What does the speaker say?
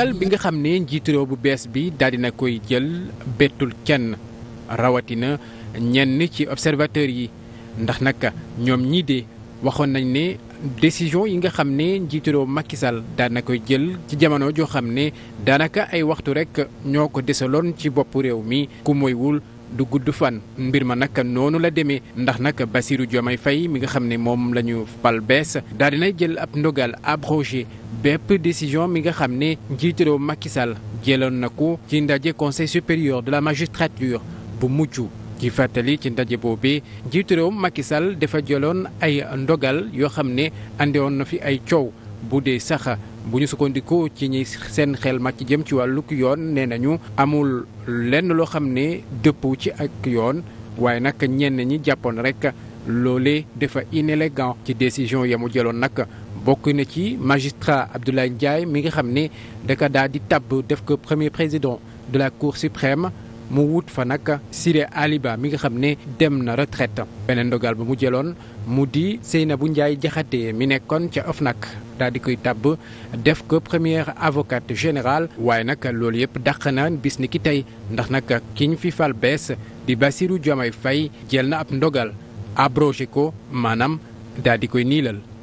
dogal bi nga xam ne njiitu bu bees bi daal dina koy jël bettul kenn rawatina ñenn ci observateur yi ndax nag ñoom ñii de waxoon nañ ne décision yi nga xam ne njiitu réew Macky Sall daan na koy jël ci jamono joo xam ne daanaka ay waxtu rek ñoo ko desaloon ci bopp réew mi ku moywul du gudd fan mbir ma nag noonu la demee ndax nag Bassirou Diomaye fay mi nga xam ne moom la ñu fal bees daal dinay jël ab ndogal abrogé bépp décision mi nga xam ne njiitu réew Sall jëloon na ko ci ndaje conseil supérieur dala la magistrature bu mujj ci fàttali ci ndaje boobee njiitu réew Macky Sall dafa jëloon ay ndogal yoo xam ne andi na fi ay coow bu dee saxa bu ñu sukkandiku ci ñi seen xel màcc jëm ci wàllu yoon nee nañu amul lenn loo xam ne dëppoo ci ak yoon waaye nag ñenn ñi jàppoon rek loole defa inélégant ci décision ya mu jëloon nag bokk na ci magistrat Abdoulaye njaay mi nga xam ne daka di tabb def ko premier président de la cour suprême. mu wut fa nag Siré Ali mi nga xam ne dem na retraite beneen ndogal ba mu jëloon mu di na bu Ndiaye Diakhaté mi nekkoon ca OFNAC daal di koy tàbb def ko première avocate général waaye nag loolu yëpp daq na bis ni ki tey ndax nag kiñ fi fal bees di Bassirou Diomaye Faye jël na ab ndogal abrogé ko maanaam daal di koy niilal